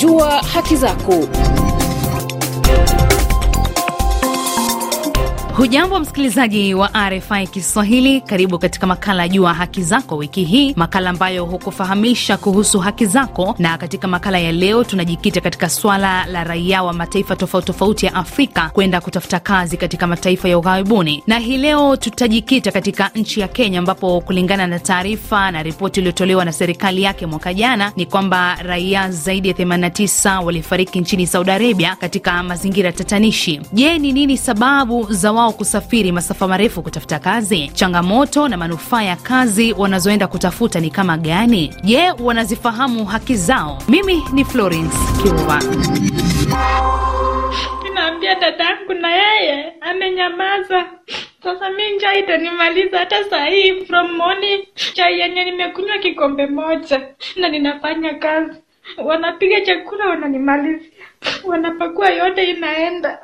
Jua haki zako. Hujambo msikilizaji wa RFI Kiswahili, karibu katika makala Jua Haki Zako wiki hii, makala ambayo hukufahamisha kuhusu haki zako. Na katika makala ya leo tunajikita katika swala la raia wa mataifa tofauti tofauti ya Afrika kwenda kutafuta kazi katika mataifa ya ughaibuni, na hii leo tutajikita katika nchi ya Kenya, ambapo kulingana na taarifa na ripoti iliyotolewa na serikali yake mwaka jana ni kwamba raia zaidi ya 89 walifariki nchini Saudi Arabia katika mazingira tatanishi. Je, ni nini sababu za wao kusafiri masafa marefu kutafuta kazi. Changamoto na manufaa ya kazi wanazoenda kutafuta ni kama gani? Je, wanazifahamu haki zao? Mimi ni Florence Kiua. Ninaambia dadangu na yeye amenyamaza. Sasa mi njaa itanimaliza hata sahii hii, from morning chai yenye nimekunywa kikombe moja na ninafanya kazi wanapiga chakula wananimalizia, wanapakua yote inaenda.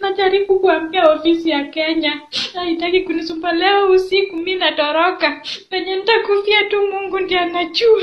Najaribu kuambia ofisi ya Kenya haitaki kunisumba Leo usiku mi natoroka, penye nitakufia tu, Mungu ndiye anajua.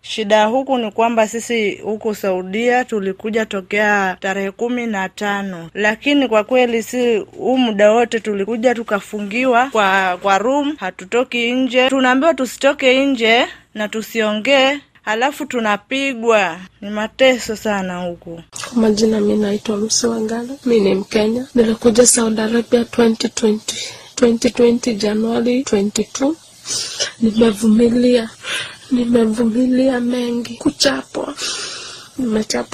Shida ya huku ni kwamba sisi huku Saudia tulikuja tokea tarehe kumi na tano, lakini kwa kweli si huu muda wote tulikuja tukafungiwa kwa, kwa room, hatutoki nje, tunaambiwa tusitoke nje na tusiongee alafu tunapigwa, ni mateso sana huku. Kwa majina, mi naitwa Msi Wangala, mi ni Mkenya, nilikuja Saudi Arabia 2020, 2020 Januari 22. Nimevumilia, nimevumilia mengi, kuchapwa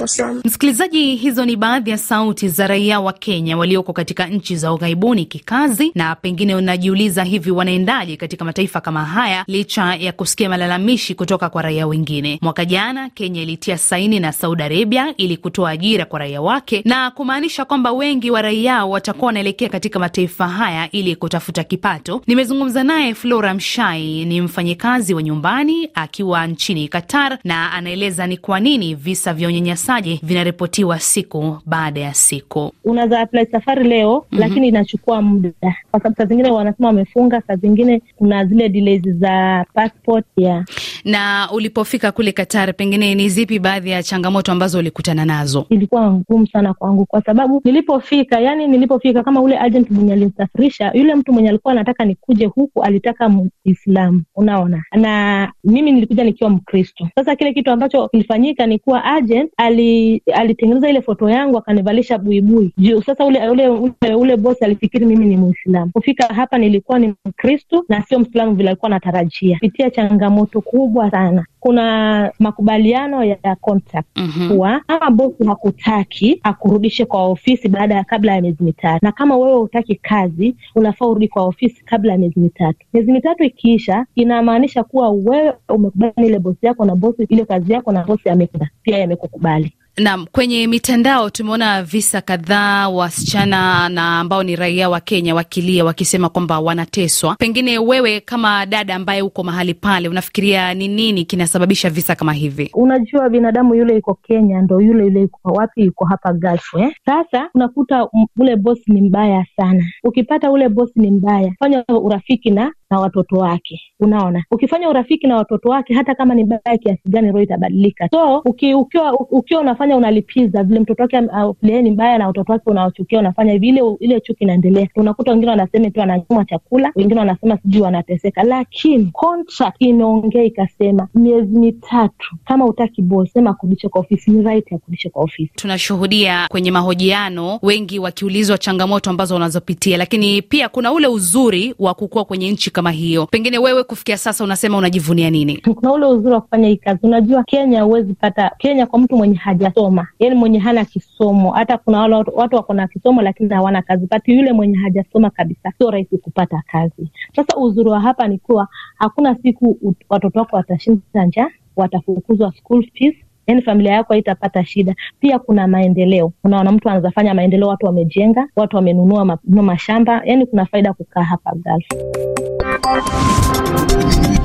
sana msikilizaji. Hizo ni baadhi ya sauti za raia wa Kenya walioko katika nchi za ughaibuni kikazi, na pengine unajiuliza hivi wanaendaje katika mataifa kama haya licha ya kusikia malalamishi kutoka kwa raia wengine. Mwaka jana Kenya ilitia saini na Saudi Arabia ili kutoa ajira kwa raia wake na kumaanisha kwamba wengi wa raia watakuwa wanaelekea katika mataifa haya ili kutafuta kipato. Nimezungumza naye Flora Mshai, ni mfanyikazi wa nyumbani akiwa nchini Qatar, na anaeleza ni kwa nini visa vya unyanyasaji vinaripotiwa siku baada ya siku. Unaweza apply safari leo, mm -hmm. lakini inachukua muda kwa sababu saa zingine wanasema wamefunga, saa zingine kuna zile delays za passport yeah. Na ulipofika kule katari pengine ni zipi baadhi ya changamoto ambazo ulikutana nazo? Ilikuwa ngumu sana kwangu kwa sababu nilipofika, yani nilipofika kama ule agent mwenye alinisafirisha, yule mtu mwenye alikuwa anataka nikuje huku alitaka Muislamu, unaona, na mimi nilikuja nikiwa Mkristo. Sasa kile kitu ambacho kilifanyika ni kuwa agent ali alitengeneza ile foto yangu akanivalisha buibui juu. Sasa ule ule ule, ule bosi alifikiri mimi ni Muislamu. Kufika hapa nilikuwa ni Mkristo na sio Mwislamu vile alikuwa anatarajia. Pitia changamoto kubwa kubwa sana. Kuna makubaliano ya contract mhm. kuwa mm -hmm. kama bosi hakutaki akurudishe kwa ofisi baada ya kabla ya miezi mitatu, na kama wewe hutaki kazi unafaa urudi kwa ofisi kabla ya miezi mitatu. Miezi mitatu ikiisha, inamaanisha kuwa wewe umekubali ile bosi yako na bosi ile kazi yako na bosi amekuda pia yamekukubali. Naam, kwenye mitandao tumeona visa kadhaa wasichana na ambao ni raia wa Kenya wakilia wakisema kwamba wanateswa. Pengine wewe kama dada ambaye uko mahali pale, unafikiria ni nini kinasababisha visa kama hivi? Unajua, binadamu yule yuko Kenya ndo yule yule yuko wapi? Yuko hapa Gulf eh? Sasa unakuta ule bosi ni mbaya sana. Ukipata ule bosi ni mbaya, fanya urafiki na na watoto wake. Unaona, ukifanya urafiki na watoto wake, hata kama ni baya kiasi gani, roho itabadilika. So uki, ukiwa, ukiwa unafanya unalipiza vile mtoto wake uh, yeye ni mbaya na watoto wake unawachukia, unafanya hivi, ile ile chuki inaendelea. Unakuta wengine wanasema tu ananyuma chakula, wengine wanasema sijui wanateseka, lakini contract imeongea ikasema miezi mitatu, kama utaki boss sema akurudishe kwa ofisi, ni right akurudishe kwa ofisi. Tunashuhudia kwenye mahojiano wengi wakiulizwa changamoto ambazo wanazopitia, lakini pia kuna ule uzuri wa kukua kwenye nchi kama kama hiyo. Pengine wewe kufikia sasa unasema unajivunia nini? Kuna ule uzuri wa kufanya hii kazi. Unajua Kenya huwezi pata Kenya kwa mtu mwenye hajasoma, yani mwenye hana kisomo. Hata kuna wale watu wako na kisomo lakini hawana kazi, bati yule mwenye hajasoma kabisa sio rahisi kupata kazi. Sasa uzuri wa hapa ni kuwa hakuna siku watoto wako watashinda njaa, watafukuzwa school fees yani familia yako haitapata shida. Pia kuna maendeleo, unaona mtu anaweza fanya maendeleo, watu wamejenga, watu wamenunua ma, mashamba, yani kuna faida kukaa hapa Gulf.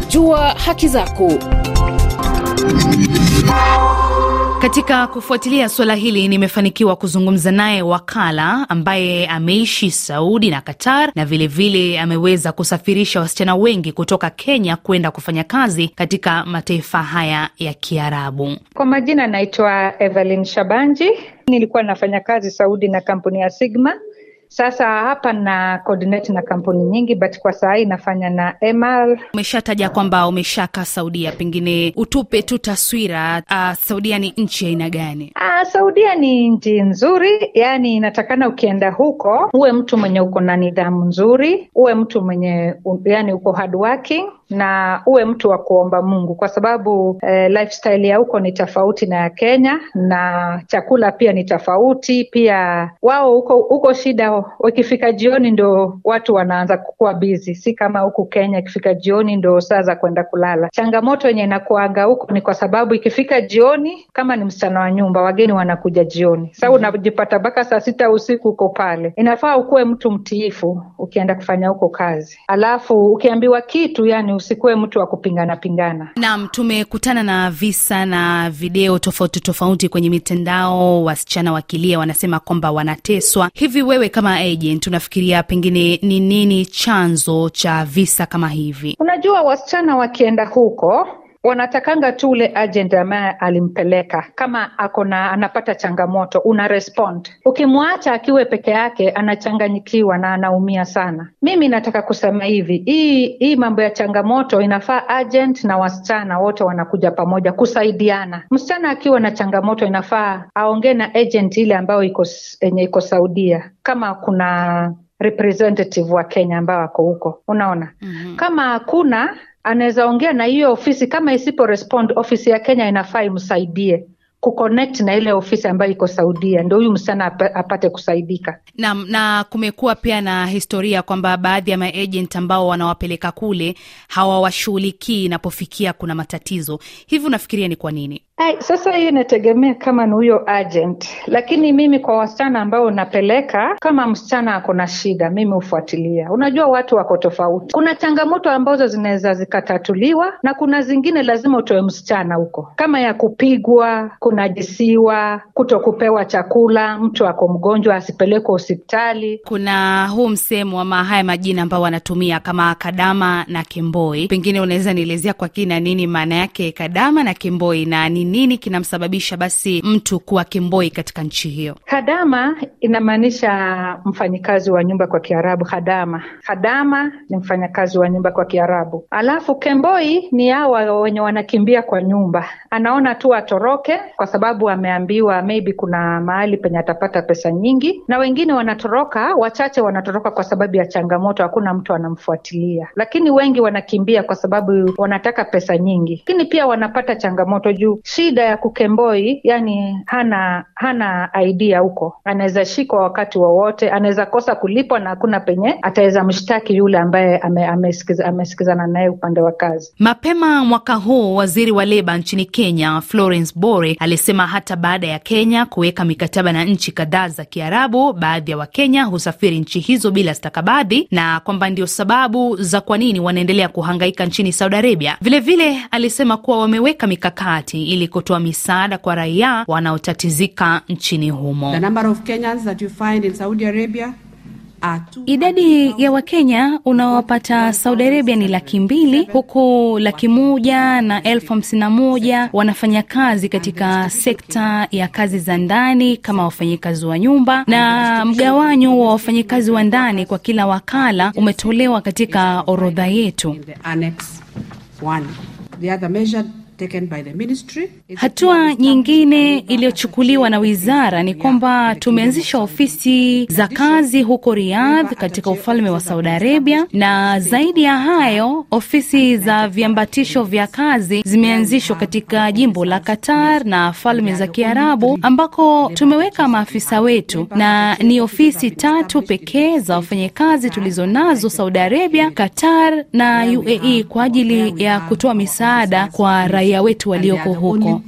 Jua haki zako. Katika kufuatilia suala hili nimefanikiwa kuzungumza naye wakala ambaye ameishi Saudi na Qatar na vilevile vile ameweza kusafirisha wasichana wengi kutoka Kenya kwenda kufanya kazi katika mataifa haya ya Kiarabu. Kwa majina anaitwa Evelyn Shabanji, nilikuwa nafanya kazi Saudi na kampuni ya Sigma sasa hapa na coordinate na kampuni nyingi, but kwa saa hii nafanya na ML. Umeshataja kwamba umeshakaa Saudia, pengine utupe tu taswira. Uh, Saudia ni nchi aina gani? Uh, Saudia ni nchi nzuri, yani inatakana ukienda huko uwe mtu mwenye uko na nidhamu nzuri, uwe mtu mwenye yani uko hardworking na uwe mtu wa kuomba Mungu kwa sababu eh, lifestyle ya huko ni tofauti na ya Kenya, na chakula pia ni tofauti. Pia wao huko huko shida, wakifika jioni ndo watu wanaanza kukuwa bizi, si kama huku Kenya ikifika jioni ndo saa za kwenda kulala. Changamoto yenye inakuanga huko ni kwa sababu ikifika jioni, kama ni msichana wa nyumba, wageni wanakuja jioni, sa mm-hmm. unajipata mpaka saa sita usiku uko pale. Inafaa ukuwe mtu mtiifu ukienda kufanya huko kazi, alafu ukiambiwa kitu yani usikuwe mtu wa kupingana pingana. nam tumekutana na visa na video tofauti tofauti kwenye mitandao, wasichana wakilia, wanasema kwamba wanateswa hivi. Wewe kama agent, unafikiria pengine ni nini chanzo cha visa kama hivi? Unajua, wasichana wakienda huko wanatakanga tu ule agent ambaye alimpeleka kama ako na anapata changamoto una respond ukimwacha akiwe peke yake anachanganyikiwa na anaumia sana mimi nataka kusema hivi hii hii mambo ya changamoto inafaa agent na wasichana wote wanakuja pamoja kusaidiana msichana akiwa na changamoto inafaa aongee na agent ile ambayo iko yenye iko saudia kama kuna representative wa Kenya ambao wako huko, unaona mm-hmm. kama hakuna anaweza ongea na hiyo ofisi, kama isipo respond ofisi ya Kenya inafaa imsaidie kuconnect na ile ofisi ambayo iko Saudia, ndio huyu msichana apate kusaidika. na, na kumekuwa pia na historia kwamba baadhi ya maagent ambao wanawapeleka kule hawawashughulikii inapofikia kuna matatizo hivi. Unafikiria ni kwa nini? Hai, sasa hiyo inategemea kama ni huyo agent, lakini mimi kwa wasichana ambao unapeleka kama msichana ako na shida, mimi hufuatilia. Unajua watu wako tofauti, kuna changamoto ambazo zinaweza zikatatuliwa na kuna zingine lazima utoe msichana huko, kama ya kupigwa, kunajisiwa, kuto kupewa chakula, mtu ako mgonjwa asipelekwe hospitali. Kuna huu msemo ama haya majina ambao wanatumia kama kadama na kimboi pengine unaweza nielezea kwa kina nini maana yake kadama na kimboi na nini nini kinamsababisha basi mtu kuwa kimboi katika nchi hiyo? hadama inamaanisha mfanyikazi wa nyumba kwa Kiarabu. hadama hadama ni mfanyakazi wa nyumba kwa Kiarabu, alafu kemboi ni hawa wenye wanakimbia kwa nyumba, anaona tu atoroke kwa sababu ameambiwa maybe kuna mahali penye atapata pesa nyingi, na wengine wanatoroka, wachache wanatoroka kwa sababu ya changamoto, hakuna mtu anamfuatilia, lakini wengi wanakimbia kwa sababu wanataka pesa nyingi, lakini pia wanapata changamoto juu shida ya kukemboi, yani hana hana idea huko, anaweza shikwa wakati wowote, anaweza kosa kulipwa na hakuna penye ataweza mshtaki yule ambaye amesikizana naye upande wa kazi. Mapema mwaka huu waziri wa leba nchini Kenya Florence Bore alisema hata baada ya Kenya kuweka mikataba na nchi kadhaa za Kiarabu, baadhi ya Wakenya husafiri nchi hizo bila stakabadhi na kwamba ndio sababu za kwa nini wanaendelea kuhangaika nchini Saudi Arabia. Vilevile vile, alisema kuwa wameweka mikakati ili kutoa misaada kwa raia wanaotatizika nchini humo. Idadi ya Wakenya unaowapata Saudi Arabia ni laki mbili huku laki moja na elfu hamsini na moja wanafanya kazi katika sekta ya kazi za ndani kama wafanyikazi wa nyumba, na mgawanyo wa wafanyikazi wa ndani kwa kila wakala umetolewa katika orodha yetu. The other Hatua nyingine iliyochukuliwa na wizara ni kwamba tumeanzisha ofisi za kazi huko Riyadh katika ufalme wa Saudi Arabia, na zaidi ya hayo ofisi za viambatisho vya kazi zimeanzishwa katika jimbo la Qatar na Falme za Kiarabu ambako tumeweka maafisa wetu, na ni ofisi tatu pekee za wafanyakazi tulizo nazo Saudi Arabia, Qatar na UAE kwa ajili ya kutoa misaada kwa raia raia wetu walioko huko.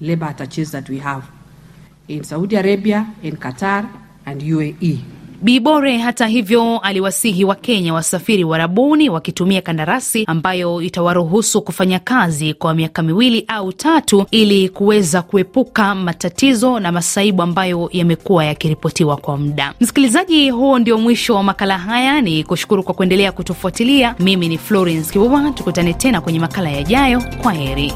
Labor attachés that we have in Saudi Arabia, in Qatar and UAE. Bibore hata hivyo aliwasihi Wakenya wasafiri warabuni wakitumia kandarasi ambayo itawaruhusu kufanya kazi kwa miaka miwili au tatu ili kuweza kuepuka matatizo na masaibu ambayo yamekuwa yakiripotiwa kwa muda. Msikilizaji, huo ndio mwisho wa makala haya. Ni kushukuru kwa kuendelea kutufuatilia. Mimi ni Florence Kibuba, tukutane tena kwenye makala yajayo. Kwa heri.